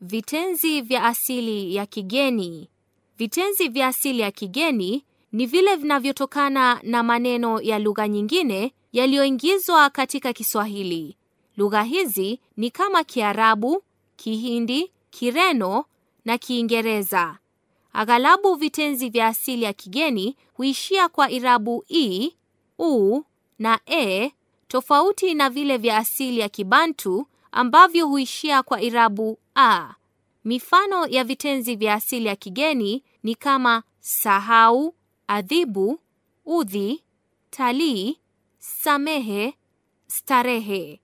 Vitenzi vya asili ya kigeni. Vitenzi vya asili ya kigeni ni vile vinavyotokana na maneno ya lugha nyingine yaliyoingizwa katika Kiswahili. Lugha hizi ni kama Kiarabu, Kihindi, Kireno na Kiingereza. Aghalabu vitenzi vya asili ya kigeni huishia kwa irabu i, u na e, tofauti na vile vya asili ya Kibantu ambavyo huishia kwa irabu a. Mifano ya vitenzi vya asili ya kigeni ni kama sahau, adhibu, udhi, talii, samehe, starehe.